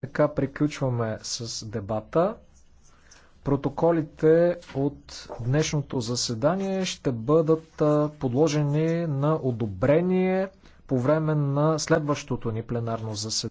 Така приключваме с дебата. Протоколите от днешното заседание ще бъдат подложени на одобрение по време на следващото ни пленарно заседание.